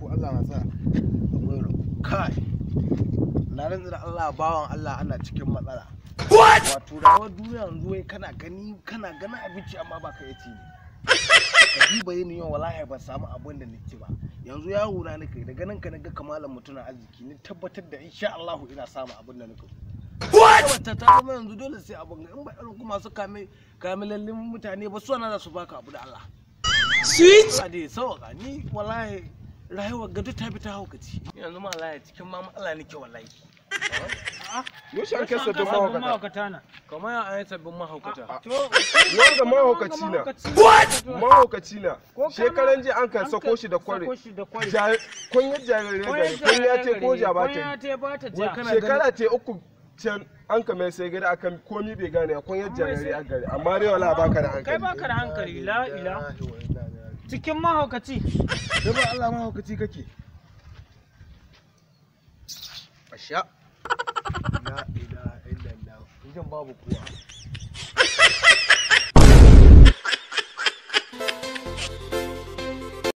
ko Allah na sa a goro kai na ran da Allah bawan Allah ana cikin matsala wato wa duniya yanzu wai kana gani kana gana abinci amma ba ka yace ne bai yin yau wallahi ba samu abin da nake ba yanzu ya hura ni kai daga nan ka naga kamalan mutuna arziki ni tabbatar da insha Allah ina samu abin da nake what ta ta yanzu dole sai abin in na za su baka abu da Allah rayuwar gadu ta bi ta haukaci yanzu ma Allah ya cikin ma Allah nake wallahi Yoshi an kasa da mahaukata na. Kama ya an yi sabbin mahaukata. Ah, ga mahaukaci na. What? Mahaukaci na. Shekaran ji an kan sako shi da kware. Kun yi jarirai gari. Kun ya ce ko ja ba ta yi. Shekara ce uku can an ka mai sai gari akan komi bai gane kun yi jarirai a gari. Amma rewa la baka da hankali. Kai baka da hankali la ila. cikin mahaukaci da ba Allah mahaukaci kake asha la ilaha illallah idan babu kowa